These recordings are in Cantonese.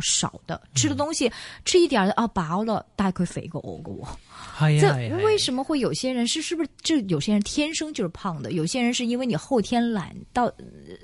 少的吃的東西，嗯、吃一點的啊，飽了大概可以肥個哦個我。係啊、這為什麼會有些人是是不是就有些人天生就是胖的？有些人是因為你後天懶到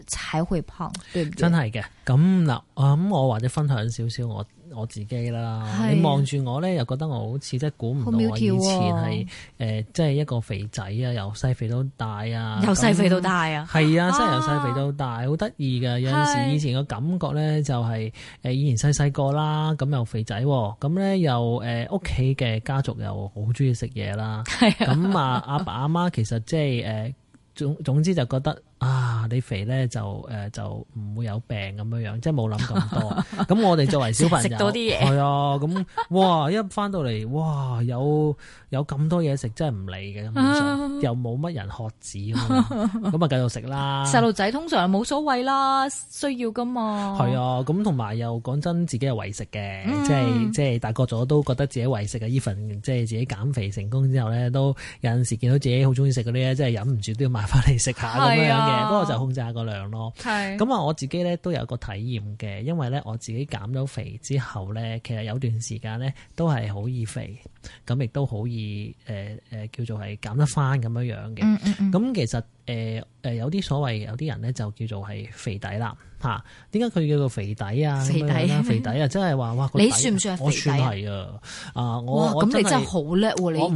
才會胖，對不對？真係嘅，咁、嗯、嗱，咁、嗯嗯、我或者分享少少我。我自己啦，啊、你望住我咧，又覺得我好似即係估唔到我以前係誒，即係一個肥仔啊，由細肥到大啊，由細肥到大啊，係啊，真係由細肥到大，好得意㗎。有陣時以前嘅感覺咧，就係誒以前細細個啦，咁又肥仔，咁咧又誒屋企嘅家族又好中意食嘢啦，咁啊阿爸阿媽其實即係誒總總之就覺得。啊！你肥咧就誒就唔會有病咁樣樣，即係冇諗咁多。咁我哋作為小朋友，食多啲嘢係啊！咁哇一翻到嚟哇有有咁多嘢食，真係唔理嘅咁樣，又冇乜人喝止咁，咁啊繼續食啦。細路仔通常冇所謂啦，需要㗎嘛。係啊，咁同埋又講真，自己係為食嘅，嗯、即係即係大個咗都覺得自己為食嘅依份，即係自己減肥成功之後咧，都有陣時見到自己的的、啊、好中意食嗰啲咧，真係忍唔住都要買翻嚟食下咁樣。就是不過就控制下個量咯。係咁啊，我自己咧都有個體驗嘅，因為咧我自己減咗肥之後咧，其實有段時間咧都係好易肥，咁亦都好易誒誒、呃，叫做係減得翻咁樣樣嘅。咁、嗯嗯嗯、其實。誒誒，有啲所謂有啲人咧，就叫做係肥底啦，吓？點解佢叫做肥底啊？肥底，肥底啊！真係話哇，你算唔算我算係啊！啊，我咁你真係好叻喎！你家？我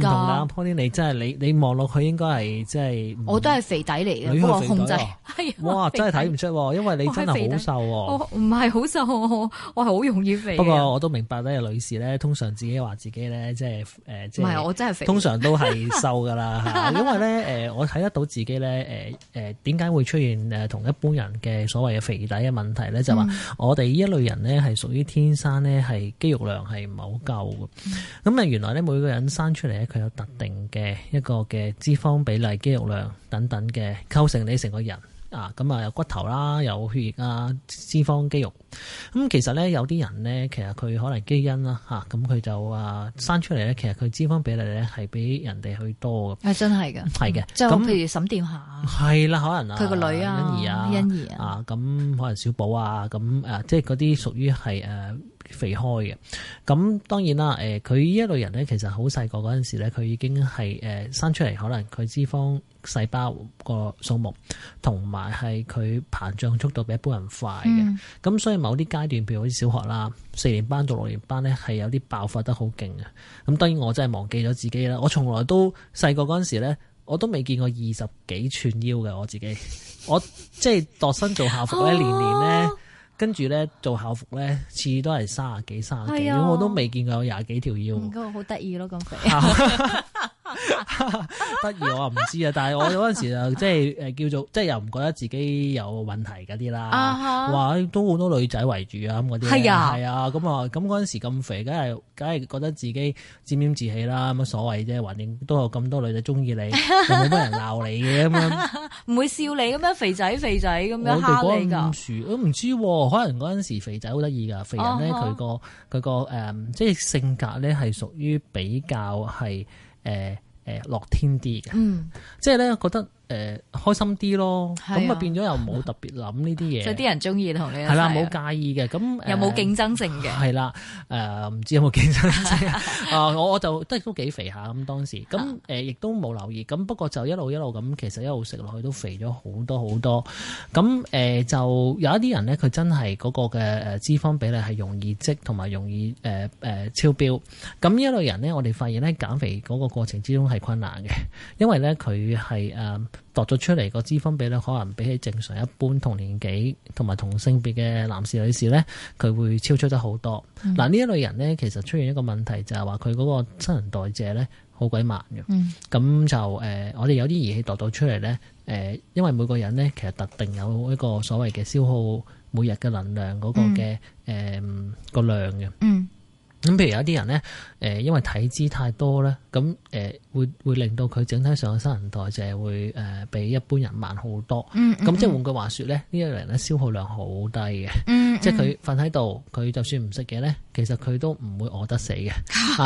唔同 Pony 你真係你你望落去應該係即係我都係肥底嚟嘅，哇！控制係哇，真係睇唔出，因為你真係好瘦，我唔係好瘦，我係好容易肥。不過我都明白呢個，女士咧，通常自己話自己咧，即係誒，即係我真係通常都係瘦噶啦，因為咧，誒，我睇得到自己咧。誒誒，點解會出現誒同一般人嘅所謂嘅肥底嘅問題咧？就話、是、我哋呢一類人咧係屬於天生咧係肌肉量係唔係好夠嘅，咁啊原來咧每個人生出嚟咧佢有特定嘅一個嘅脂肪比例、肌肉量等等嘅構成你成個人。啊，咁啊有骨頭啦，有血液啊，脂肪肌肉。咁其實咧，有啲人咧，其實佢可能基因啦，吓，咁佢就啊生出嚟，咧，其實佢脂肪比例咧係比人哋去多嘅。係真係嘅。係嘅的。咁嘛譬如沈殿霞。係啦，可能啦。佢個女啊，欣宜啊，欣宜啊，咁、啊、可能小寶啊，咁、啊、誒，即係嗰啲屬於係誒肥開嘅。咁當然啦，誒，佢呢一類人咧，其實好細個嗰陣時咧，佢已經係誒生出嚟，可能佢脂肪。細胞個數目，同埋係佢膨脹速度比一般人快嘅，咁、嗯、所以某啲階段，譬如好似小學啦，四年班到六年班咧，係有啲爆發得好勁嘅。咁當然我真係忘記咗自己啦，我從來都細個嗰陣時咧，我都未見過二十幾吋腰嘅我自己，我即係度身做校服嗰一、 啊、年年咧，跟住咧做校服咧，次次都係卅啊幾，卅啊幾，呀我都未見過有廿幾條腰，咁好得意咯，咁、那個 得 意我唔知啊，但係我嗰陣時就即係誒叫做，即係又唔覺得自己有問題嗰啲啦。話，都好多女仔圍住啊，咁嗰啲係啊，係啊，咁啊，咁嗰陣時咁肥，梗係梗係覺得自己沾沾自喜啦，乜所謂啫？環境都有咁多女仔中意你，就冇乜人鬧你嘅，咁唔會笑你咁咩？肥仔肥仔咁樣蝦你噶？我唔知，可能嗰陣時肥仔好得意噶，肥人咧佢個佢個誒，即係性格咧係屬於比較係。誒誒樂天啲嘅，嗯，即係咧覺得。誒、呃，開心啲咯，咁啊變咗又冇特別諗呢啲嘢，所以啲人中意同你一齊係啦，冇、啊、介意嘅，咁、嗯、又冇競爭性嘅，係啦、啊，誒唔、啊呃、知有冇競爭性啊、 呃？我我就都亦都幾肥下咁當時，咁誒亦都冇留意，咁不過就一路一路咁，其實一路食落去都肥咗好多好多，咁誒、呃、就有一啲人咧，佢真係嗰個嘅誒脂肪比例係容易積，同埋容易誒誒、呃呃、超標，咁呢一類人咧，我哋發現咧減肥嗰個過程之中係困難嘅，因為咧佢係誒。呃度咗出嚟個脂肪比率可能比起正常一般同年紀同埋同性別嘅男士女士咧，佢會超出得好多。嗱呢、嗯、一類人咧，其實出現一個問題就係話佢嗰個新陳代謝咧好鬼慢嘅。咁、嗯、就誒、呃，我哋有啲儀器度到出嚟咧，誒、呃，因為每個人咧其實特定有一個所謂嘅消耗每日嘅能量嗰個嘅誒、嗯呃那個量嘅。嗯咁譬如有啲人咧，誒、呃，因為體脂太多咧，咁、呃、誒，會會令到佢整體上嘅新陳代謝會誒、呃、比一般人慢好多。嗯，嗯，咁、嗯、即係換句話說咧，呢一類人咧消耗量好低嘅。嗯，嗯即，即係佢瞓喺度，佢就算唔食嘢咧，其實佢都唔會餓得死嘅。吓，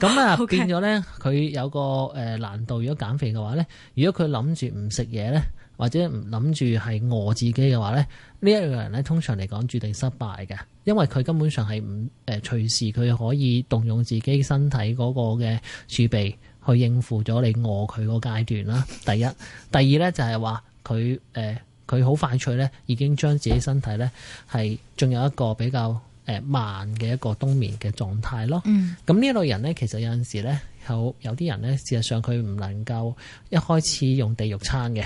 咁啊，變咗咧，佢有個誒難度。如果減肥嘅話咧，如果佢諗住唔食嘢咧。或者唔諗住係餓自己嘅話咧，呢一樣人咧通常嚟講注定失敗嘅，因為佢根本上係唔誒隨時佢可以動用自己身體嗰個嘅儲備去應付咗你餓佢個階段啦。第一，第二咧就係話佢誒佢好快脆咧已經將自己身體咧係仲有一個比較。誒慢嘅一個冬眠嘅狀態咯。嗯，咁呢類人咧，其實有陣時咧，有有啲人咧，事實上佢唔能夠一開始用地獄餐嘅，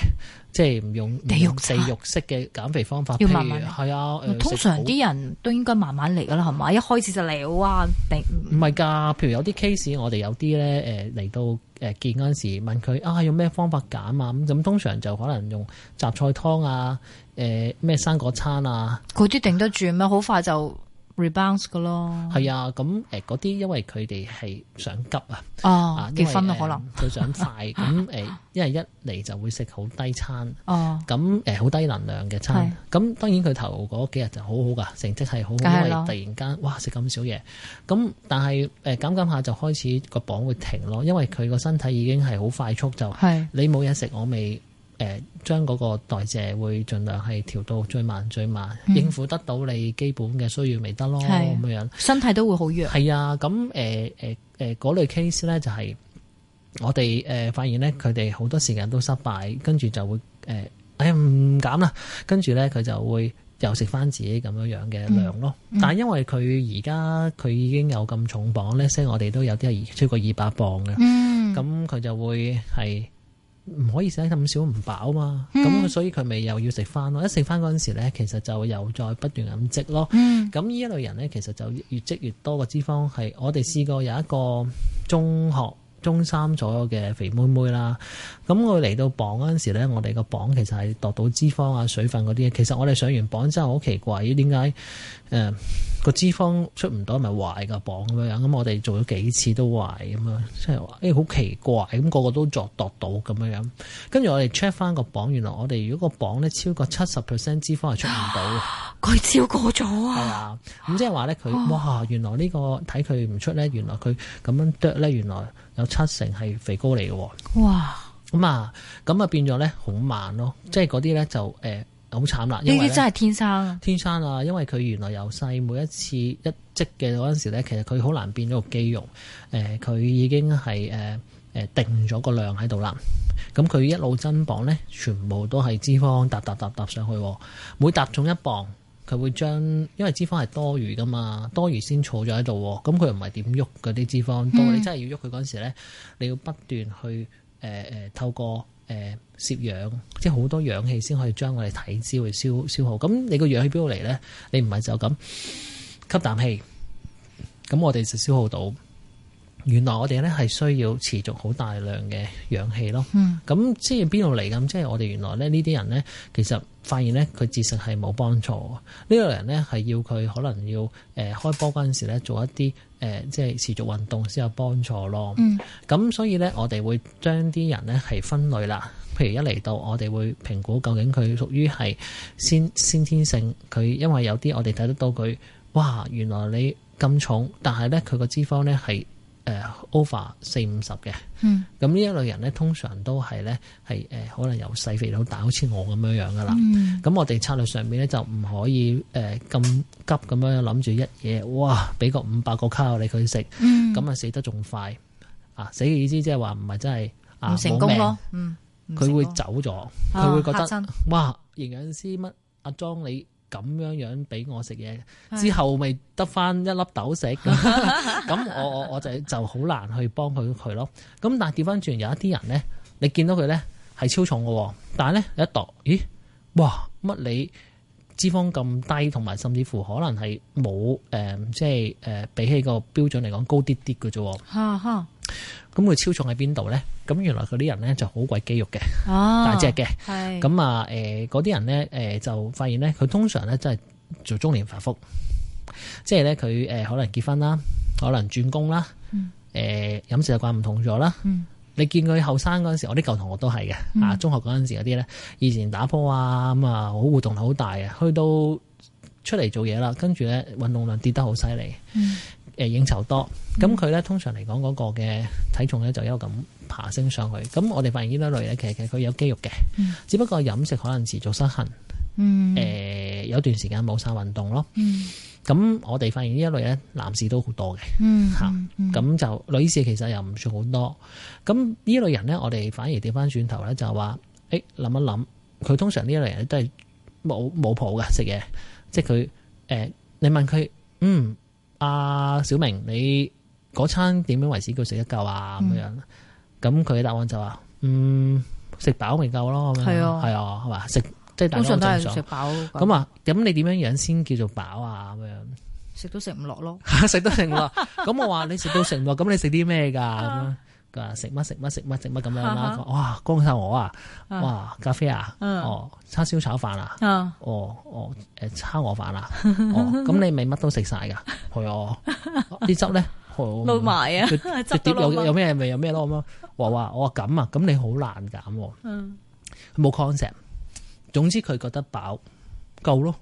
即係唔用、用地獄式嘅減肥方法。要慢慢係啊。哎呃、通常啲人都應該慢慢嚟㗎喇，係嘛？一開始就嚟啊？定唔係㗎？譬如有啲 case，我哋有啲咧誒嚟到誒見嗰陣時問佢啊，用咩方法減啊？咁咁通常就可能用雜菜湯啊，誒、呃、咩生果餐啊？嗰啲頂得住咩？好快就～rebound 嘅咯，係啊，咁誒嗰啲，因為佢哋係想急啊，結婚可能佢想快咁，誒，一係一嚟就會食好低餐，咁誒好低能量嘅餐，咁是當然佢頭嗰幾日就好好㗎，成績係好好，因為突然間哇食咁少嘢，咁但係誒、呃、減減下就開始個磅會停咯，因為佢個身體已經係好快速就，是你冇嘢食，我未。誒，將嗰個代謝會盡量係調到最慢最慢，嗯、應付得到你基本嘅需要，咪得咯咁樣樣，身體都會好弱。係啊，咁誒誒誒，嗰、呃呃呃、類 case 咧就係、是、我哋誒、呃、發現咧，佢哋好多時間都失敗，跟住就會誒、呃，哎呀唔減啦，跟住咧佢就會又食翻自己咁樣樣嘅量咯。嗯嗯、但係因為佢而家佢已經有咁重磅咧，所以我哋都有啲係超過二百磅嘅，咁佢就會係。嗯唔可以食咁少唔飽啊嘛，咁、嗯、所以佢咪又要食翻咯。一食翻嗰陣時咧，其實就又再不斷咁積咯。咁呢、嗯、一類人咧，其實就越積越多個脂肪係。我哋試過有一個中學。中三左右嘅肥妹妹啦，咁佢嚟到磅嗰陣時咧，我哋個磅其實係度到脂肪啊、水分嗰啲。其實我哋上完磅之後好奇怪，咦，點解誒個脂肪出唔到咪壞個磅咁樣？咁、嗯、我哋做咗幾次都壞咁樣，即係話誒好奇怪，咁個個都作度到咁樣。跟住我哋 check 翻個磅，原來我哋如果個磅咧超過七十 percent 脂肪係出唔到，佢超過咗喎。係啊，咁、啊嗯、即係話咧，佢、啊、哇原來呢個睇佢唔出咧，原來佢、這、咁、個、樣啄咧，原來。原來有七成係肥膏嚟嘅，哇咁啊，咁啊變咗咧好慢咯，即係嗰啲咧就誒好慘啦。呢啲真係天生，天生啊，因為佢原來由細每一次一積嘅嗰陣時咧，其實佢好難變咗個肌肉。誒，佢已經係誒誒定咗個量喺度啦。咁佢一路增磅咧，全部都係脂肪，搭搭搭搭上去，每搭中一磅。佢會將，因為脂肪係多餘噶嘛，多餘先儲咗喺度，咁佢又唔係點喐嗰啲脂肪。當你真係要喐佢嗰陣時咧，你要不斷去誒誒、呃、透過誒、呃、攝氧，即係好多氧氣先可以將我哋體脂會消消耗。咁你個氧氣邊嚟咧？你唔係就咁吸啖氣，咁我哋就消耗到。原來我哋咧係需要持續好大量嘅氧氣咯。咁、嗯、即係邊度嚟？咁即係我哋原來咧呢啲人咧，其實發現咧佢節食係冇幫助。呢類人咧係要佢可能要誒、呃、開波嗰陣時咧做一啲誒、呃、即係持續運動先有幫助咯。咁、嗯、所以咧，我哋會將啲人咧係分類啦。譬如一嚟到，我哋會評估究竟佢屬於係先先天性。佢因為有啲我哋睇得到佢哇，原來你咁重，但係咧佢個脂肪咧係。誒，over 四五十嘅，咁呢一類人咧，通常都係咧係誒，可能由細肥到大，好似我咁樣樣噶啦。咁我哋策略上面咧就唔可以誒咁急咁樣諗住一嘢，哇！俾個五百個卡我哋佢食，咁啊死得仲快啊。死嘅意思即係話唔係真係唔成功咯，嗯，佢會走咗，佢會覺得哇，營養師乜？阿莊你？咁樣樣俾我食嘢，之後咪得翻一粒豆食。咁 我我我就就好難去幫佢佢咯。咁但係調翻轉有一啲人咧，你見到佢咧係超重嘅，但係咧一度咦哇乜你脂肪咁低，同埋甚至乎可能係冇誒即係誒、呃、比起個標準嚟講高啲啲嘅啫。哈哈。咁會超重喺邊度咧？咁原來嗰啲人咧就好鬼肌肉嘅，哦、大隻嘅。係咁啊，誒，嗰啲人咧，誒，就發現咧，佢通常咧，即係做中年發福，即係咧，佢誒，可能結婚啦，可能轉工啦，誒、嗯，飲、呃、食習慣唔同咗啦。嗯、你見佢後生嗰陣時，我啲舊同學都係嘅，啊，中學嗰陣時嗰啲咧，以前打波啊，咁啊，好活動好大嘅，去到出嚟做嘢啦，跟住咧運動量跌得好犀利。嗯誒應酬多，咁佢咧通常嚟講嗰個嘅體重咧就一路咁爬升上去。咁、嗯、我哋發現呢一類咧，其實其實佢有肌肉嘅，嗯、只不過飲食可能持續失衡，誒、嗯呃、有段時間冇晒運動咯。咁、嗯、我哋發現呢一類咧，男士都好多嘅嚇，咁、嗯嗯、就女士其實又唔算好多。咁呢類人咧，我哋反而掉翻轉頭咧就話，誒、欸、諗一諗，佢通常呢一類人都係冇冇譜㗎食嘢，即係佢誒你問佢嗯。阿、啊、小明，你嗰餐點樣為止叫食得夠啊？咁樣、嗯，咁佢嘅答案就話，嗯，食飽咪夠咯。係啊，係啊，係嘛，食即係通常都係食飽。咁啊，咁你點樣樣先叫做飽啊？咁樣，食 都食唔落咯。食 都食唔落。咁我話你食到食唔落，咁你食啲咩㗎？啊，啊！食乜食乜食乜食乜咁樣啦！哇！幹晒我啊！哇！咖啡啊！哦、oh！叉燒炒飯啊！哦哦誒叉鵝飯啊！哦，咁你咪乜都食晒㗎？係啊！啲汁咧撈埋啊！佢碟有有咩味有咩咯咁咯！我話我話咁啊！咁你好難減喎、啊！嗯，冇 concept。總之佢覺得飽夠咯。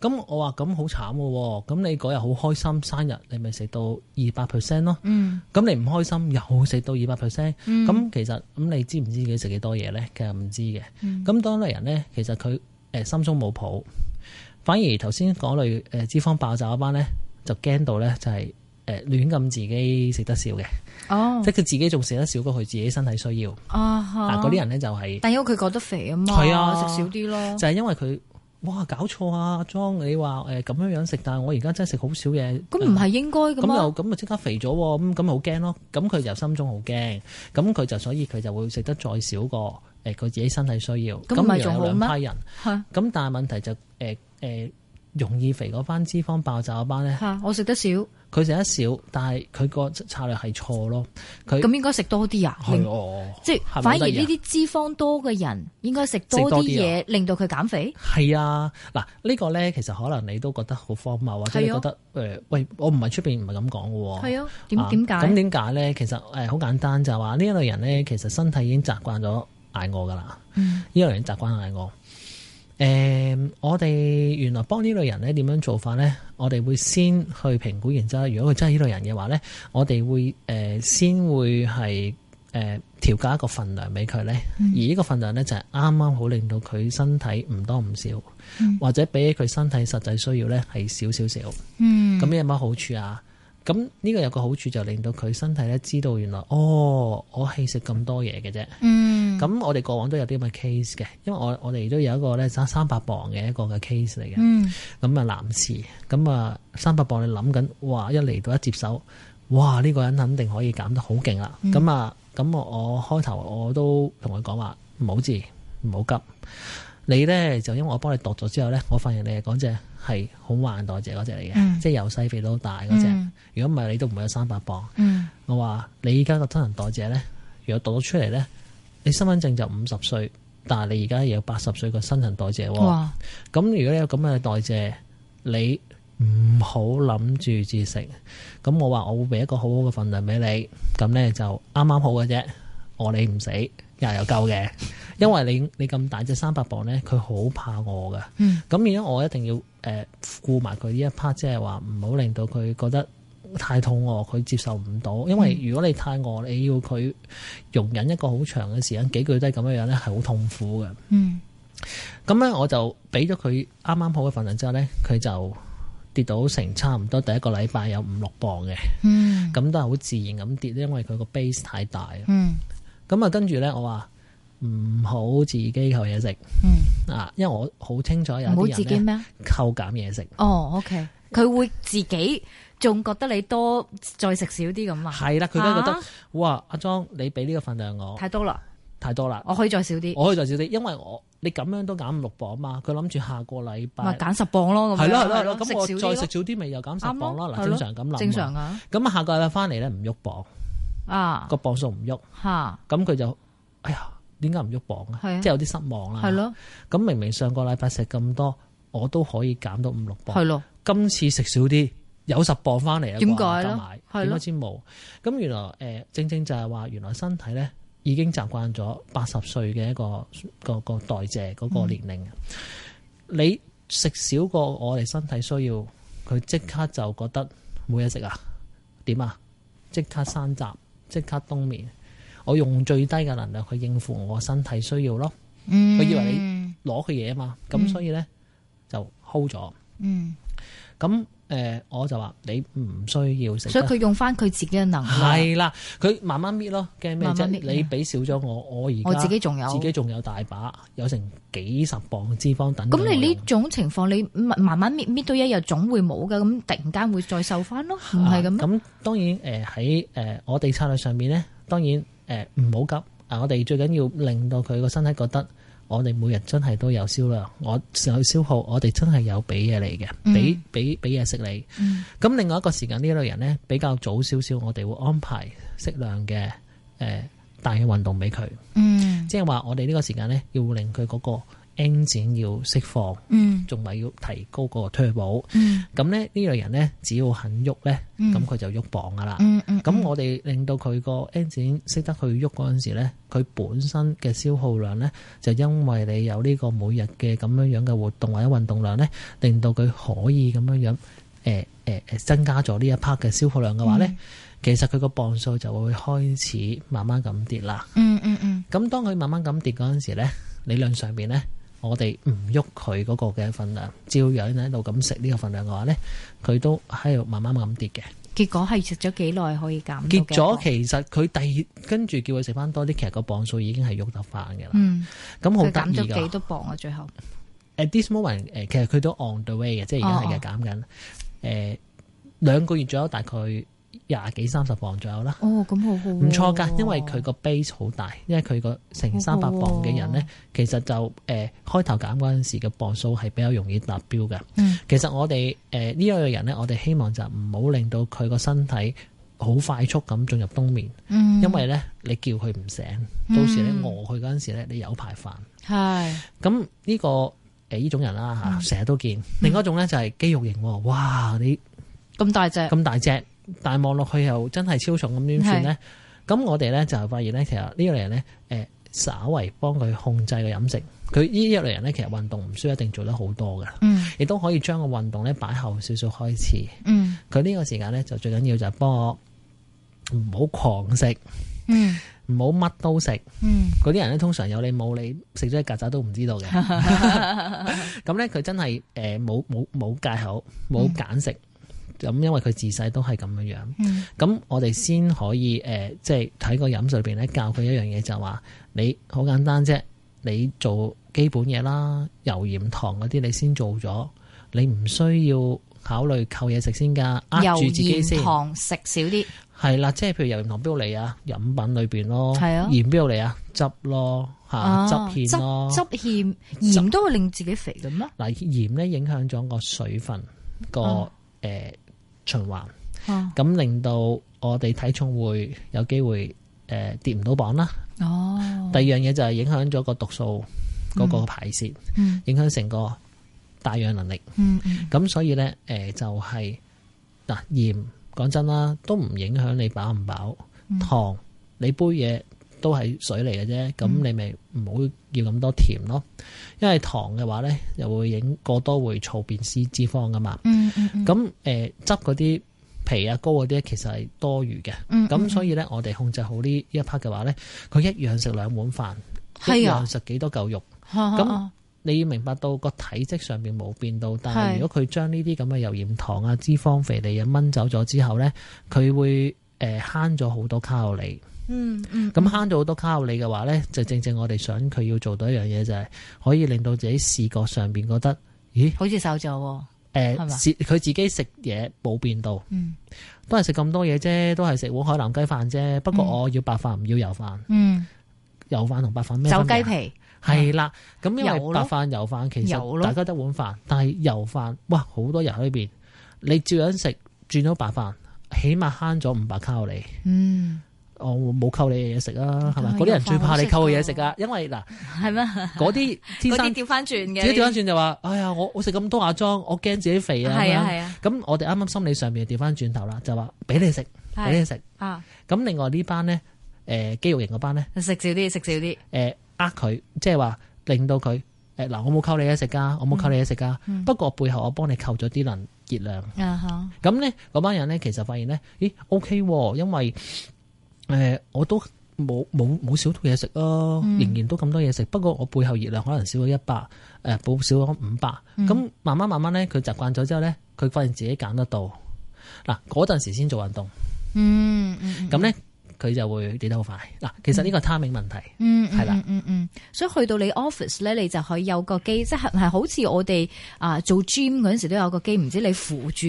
咁我話咁好慘嘅，咁你嗰日好開心生日你，你咪食到二百 percent 咯。嗯，咁你唔開心又食到二百 percent。嗯，咁其實咁你知唔知自己食幾多嘢咧？其實唔知嘅。嗯，咁當類人咧，其實佢誒、呃、心中冇譜，反而頭先講類誒脂肪爆炸嗰班咧，就驚到咧就係誒亂咁自己食得少嘅。哦，即係佢自己仲食得少過佢自己身體需要。啊哈，嗱嗰啲人咧就係、是，但因為佢覺得肥啊嘛，係啊，食少啲咯，就係因為佢。哇！搞錯啊，莊，你話誒咁樣樣食，但係我而家真係食好少嘢。咁唔係應該嘅嘛、啊？咁、呃、又咁咪即刻肥咗？咁咁咪好驚咯？咁佢就心中好驚。咁佢就所以佢就會食得再少過誒佢、呃、自己身體需要。咁咪仲好咩？係。咁咪仲有兩批人。咁的但係問題就誒、是、誒。呃呃容易肥嗰班脂肪爆炸班咧，嚇、啊、我食得少，佢食得少，但係佢個策略係錯咯。佢咁、嗯、應該食多啲啊，哦、即係反而呢啲脂肪多嘅人應該食多啲嘢，啊、令到佢減肥。係啊，嗱、這個、呢個咧其實可能你都覺得好荒謬，或者你覺得誒喂、哦呃，我唔係出邊唔係咁講嘅喎。係、哦、啊，點點解？咁點解咧？其實誒好簡單，就係話呢一類人咧，其實身體已經習慣咗捱餓噶啦。嗯，呢類人已經習慣捱餓。誒、呃，我哋原來幫呢類人咧點樣做法咧？我哋會先去評估，然之後如果佢真係呢類人嘅話咧，我哋會誒、呃、先會係誒調教一個份量俾佢咧。而呢個份量咧就係啱啱好令到佢身體唔多唔少，嗯、或者俾佢身體實際需要咧係少少少。嗯，咁有乜好處啊？咁呢個有個好處，就令到佢身體咧，知道原來哦，我係食咁多嘢嘅啫。嗯，咁我哋過往都有啲咁嘅 case 嘅，因為我我哋都有一個咧，三三百磅嘅一個嘅 case 嚟嘅。嗯，咁啊男士，咁啊三百磅你諗緊，哇，一嚟到一接手，哇，呢個人肯定可以減得好勁啦。咁啊咁我我開頭我都同佢講話冇事，唔好急。你咧，就因為我幫你度咗之後咧，我發現你係講，只係好慢代謝嗰隻嚟嘅，嗯、即係由細肥到大嗰隻。如果唔係，你都唔會有三百磅。我話你依家個新陳代謝咧，如果度咗出嚟咧，你身份證就五十歲，但係你而家有八十歲個新陳代謝。哇！咁如果你有咁嘅代謝，你唔好諗住節食。咁我話，我會俾一個好好嘅份量俾你。咁咧，就啱啱好嘅啫，餓你唔死。又有夠嘅，因為你你咁大隻三百磅咧，佢好怕餓嘅。嗯，咁而家我一定要誒顧埋佢呢一 part，即係話唔好令到佢覺得太肚餓，佢接受唔到。因為如果你太餓，你要佢容忍一個好長嘅時間，幾句都係咁樣樣咧，係好痛苦嘅。嗯，咁咧我就俾咗佢啱啱好嘅份量之後咧，佢就跌到成差唔多第一個禮拜有五六磅嘅。嗯，咁都係好自然咁跌，因為佢個 base 太大。嗯。咁啊，跟住咧，我話唔好自己扣嘢食。嗯啊，因為我好清楚有人好自己咩啊？扣減嘢食。哦，OK，佢會自己仲覺得你多再食少啲咁啊？係啦，佢都覺得哇，阿莊你俾呢個份量我太多啦，太多啦，我可以再少啲，我可以再少啲，因為我你咁樣都減五六磅啊嘛。佢諗住下個禮拜咪減十磅咯。係咯係咯，咁我再食少啲咪又減十磅咯。嗱，正常咁諗，正常啊。咁啊，下個禮拜翻嚟咧唔喐磅。啊！個磅數唔喐吓，咁佢就哎呀，點解唔喐磅啊？係啊，即係有啲失望啦。係咯，咁明明上個禮拜食咁多，我都可以減到五六磅。係咯，今次食少啲，有十磅翻嚟啊！點解咧？點解先冇？咁原來誒，正正就係話，原來身體咧已經習慣咗八十歲嘅一個個個代謝嗰個年齡啊。你食少過我哋身體需要，佢即刻就覺得冇嘢食啊？點啊？即刻生雜。即刻冬眠，我用最低嘅能量去應付我身體需要咯。佢、嗯、以為你攞佢嘢啊嘛，咁所以咧、嗯、就 hold 咗。嗯，咁。誒、呃、我就話你唔需要食，所以佢用翻佢自己嘅能力係啦，佢慢慢搣咯，驚咩啫？慢慢你俾少咗我，我而家自己仲有自己仲有大把，有成幾十磅脂肪等。咁你呢種情況，你慢慢搣搣到一日總會冇㗎，咁突然間會再瘦翻咯，唔係咁？咁、啊、當然誒喺誒我哋策略上面咧，當然誒唔好急啊、呃！我哋最緊要令到佢個身體覺得。我哋每日真係都有消耗，我有消耗，我哋真係有俾嘢嚟嘅，俾俾俾嘢食你。咁另外一個時間呢一類人咧比較早少少，我哋會安排適量嘅，誒、呃、大運動俾佢，即係話我哋呢個時間咧要令佢嗰個。筋腱要釋放，嗯，仲係要提高嗰個推力堡，嗯，咁咧呢類人咧，只要肯喐咧，咁佢就喐磅噶啦，嗯嗯，咁我哋令到佢個筋腱識得去喐嗰陣時咧，佢本身嘅消耗量咧，就因為你有呢個每日嘅咁樣樣嘅活動或者運動量咧，令到佢可以咁樣樣，誒誒誒，增加咗呢一 part 嘅消耗量嘅話咧，嗯嗯、其實佢個磅數就會開始慢慢咁跌啦，嗯嗯嗯，咁當佢慢慢咁跌嗰陣時咧，理論上邊咧。我哋唔喐佢嗰個嘅份量，照樣喺度咁食呢個份量嘅話咧，佢都喺度慢慢咁跌嘅。結果係食咗幾耐可以減？結果其實佢第二跟住叫佢食翻多啲，其實個磅數已經係喐得翻嘅啦。嗯，咁好得意㗎。佢減咗幾多磅啊？最後？誒 this moment，誒，其實佢都 on the way 嘅，即係而家係減緊。誒、呃，兩個月左右大概。廿幾三十磅左右啦，哦，咁好好、啊，唔錯噶，因為佢個 base 好大，因為佢個成三百磅嘅人咧，好好啊、其實就誒、呃、開頭減嗰陣時嘅磅數係比較容易達標噶。嗯，其實我哋誒呢一類人咧，我哋希望就唔好令到佢個身體好快速咁進入冬眠。嗯，因為咧，你叫佢唔醒，嗯、到時咧，餓佢嗰陣時咧，你有排煩係咁。呢個誒呢、呃、種人啦吓，成日都見。嗯、另外一種咧就係肌肉型，哇，哇你咁大隻，咁大隻。但係望落去又真係超重，咁點算咧？咁是我哋咧就發現咧，其實呢一類人咧，誒，稍微幫佢控制個飲食。佢呢一類人咧，其實運動唔需要一定做得好多嘅，嗯，亦都可以將個運動咧擺後少少開始，嗯。佢呢個時間咧就最緊要就係幫我唔好狂食，嗯，唔好乜都食，嗯。嗰啲人咧通常有你冇你食咗隻曱甴都唔知道嘅，咁咧佢真係誒冇冇冇戒口，冇揀食。嗯咁因為佢自細都係咁樣樣，咁、嗯、我哋先可以誒，即係睇個飲食裏邊咧教佢一樣嘢，就話、是、你好簡單啫，你做基本嘢啦，油鹽糖嗰啲你先做咗，你唔需要考慮扣嘢食先㗎，壓住自己先。鹽糖食少啲，係啦、嗯，即係譬如油鹽糖邊度嚟啊？飲品裏邊咯，的鹽邊度嚟啊？汁咯嚇、啊，汁芡咯，汁汁芡鹽都會令自己肥㗎咩？嗱，鹽咧影響咗個水分個誒。麼循環，咁、哦、令到我哋體重會有機會，誒、呃、跌唔到磅啦。哦，第二樣嘢就係影響咗個毒素嗰個排泄，嗯嗯、影響成個帶氧能力。嗯咁、嗯、所以呢，誒、呃、就係嗱鹽，講、呃、真啦，都唔影響你飽唔飽糖，你杯嘢。都係水嚟嘅啫，咁你咪唔好要咁多甜咯，因為糖嘅話咧，又會影過多會儲變脂脂肪噶嘛。嗯，嗯嗯。咁誒，執嗰啲皮啊、膏嗰啲，其實係多餘嘅。嗯，嗯。咁所以咧，我哋控制好呢一 part 嘅話咧，佢一樣食兩碗飯，啊、一樣食幾多嚿肉。吓咁、啊、你要明白到個體積上邊冇變到，啊、但係如果佢將呢啲咁嘅油鹽糖啊、脂肪肥膩嘢掹走咗之後咧，佢會。誒慳咗好多卡路里，嗯嗯，咁慳咗好多卡路里嘅話咧，嗯、就正正我哋想佢要做到一樣嘢就係可以令到自己視覺上邊覺得，咦好似瘦咗，誒、呃，佢吧自己食嘢冇變到，嗯，都係食咁多嘢啫，都係食碗海南雞飯啫，不過我要白飯唔要油飯，嗯，油飯同白飯咩？走雞皮，係啦了，咁、嗯、因為白飯油飯其實大家得碗飯，咯但係油飯，哇好多油喺呢邊，你照樣食轉咗白飯。起碼慳咗五百卡路里。嗯，我冇扣你嘅嘢食啊，係咪？嗰啲人最怕你扣嘢食啊，因為嗱，係咩嗎？嗰啲調翻轉嘅，自己調翻轉就話、是：哎呀，我我食咁多亞裝，我驚自己肥 啊。係啊係啊。咁我哋啱啱心理上面調翻轉頭啦，就話俾你食，俾你食啊。咁另外班呢班咧，誒、呃、肌肉型嗰班咧，食少啲，食少啲。誒、呃，呃佢，即係話令到佢。嗱，我冇扣你嘢食㗎，我冇扣你嘢食㗎。不過背後我幫你扣咗啲能熱量。啊哈、嗯！咁咧，嗰班人咧，其實發現咧，咦？O、okay、K、啊、因為誒、呃，我都冇冇冇少到嘢食咯，仍然都咁多嘢食。不過我背後熱量可能少咗一百，誒，少咗五百。咁慢慢慢慢咧，佢習慣咗之後咧，佢發現自己減得到。嗱、啊，嗰陣時先做運動。嗯嗯。咁、嗯、咧。佢就會跌得好快。嗱、啊，其實呢個 timing 問題，嗯，係、嗯、啦的、嗯，嗯嗯，所以去到你 office 咧，你就可以有個機，即係係好似我哋啊做 gym 嗰陣時都有個機，唔知你扶住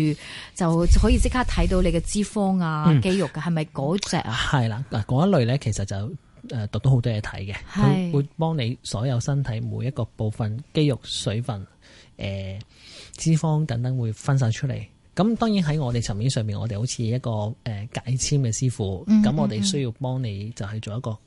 就可以即刻睇到你嘅脂肪啊、嗯、肌肉嘅係咪嗰隻啊？係啦，嗱嗰一類咧，其實就誒讀到好多嘢睇嘅，佢的會幫你所有身體每一個部分肌肉、水分、誒、呃、脂肪等等會分散出嚟。咁當然喺我哋層面上面，我哋好似一個誒、呃、解簽嘅師傅，咁、嗯、我哋需要幫你就係做一個誒誒、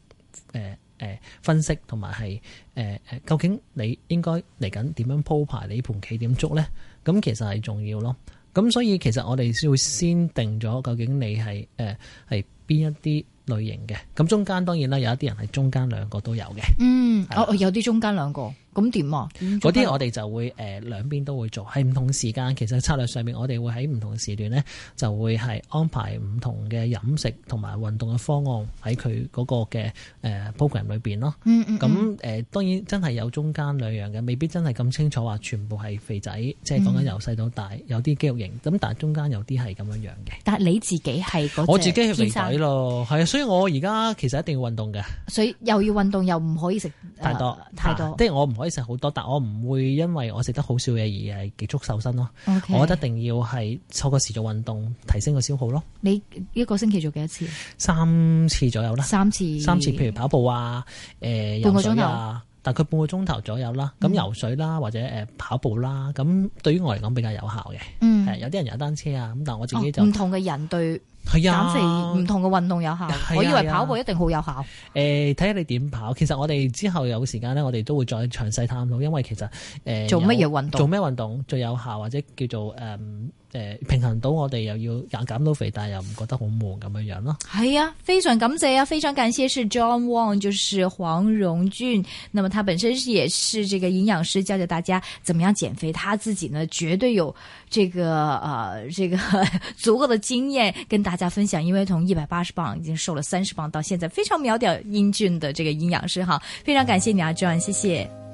呃呃、分析，同埋係誒誒究竟你應該嚟緊點樣鋪排你盤棋點捉咧？咁其實係重要咯。咁所以其實我哋先會先定咗究竟你係誒係邊一啲類型嘅。咁中間當然啦，有一啲人係中間兩個都有嘅。嗯，的哦有啲中間兩個。咁點啊？嗰啲、嗯、我哋就會誒、呃、兩邊都會做，喺唔同時間，其實策略上面我哋會喺唔同嘅時段咧就會係安排唔同嘅飲食同埋運動嘅方案喺佢嗰個嘅誒、呃、program 裏邊咯。嗯咁誒當然真係有中間兩樣嘅，未必真係咁清楚話全部係肥仔，即係講緊由細到大有啲肌肉型，咁但係中間有啲係咁樣樣嘅。但係你自己係嗰隻，我自己係肥仔咯，係啊，所以我而家其實一定要運動嘅。所以又要運動又唔可以食太多太多，即係、啊就是、我唔可以。食好多，但我唔會因為我食得好少嘢而係極速瘦身咯。Okay. 我覺得一定要係抽個時做運動，提升個消耗咯。你一個星期做幾多次？三次左右啦。三次。三次，譬如跑步啊，誒、呃，游水啊，大概半個鐘頭左右啦。咁游水啦，或者誒跑步啦，咁、嗯、對於我嚟講比較有效嘅。嗯。誒，有啲人踩單車啊，咁但係我自己就哦、唔同嘅人對。係啊，減肥唔同嘅運動有效，呀我以為跑步一定好有效。誒，睇下，呃，你點跑。其實我哋之後有時間咧，我哋都會再詳細探討，因為其實誒，呃，做乜嘢運動，做咩運動最有效，或者叫做誒誒，呃呃，平衡到我哋又要又減到肥，但係又唔覺得好悶咁樣樣咯。係啊，非常感謝啊，非常感謝是 John Wong，就是黃榮俊。那麼他本身也是這個營養師，教教大家怎麼樣減肥。他自己呢，絕對有這個誒，呃，這個足夠的經驗跟大。大家分享，因為從一百八十磅已經瘦了三十磅，到現在非常苗條、英俊的這個營養師哈，非常感謝你啊，John，謝謝。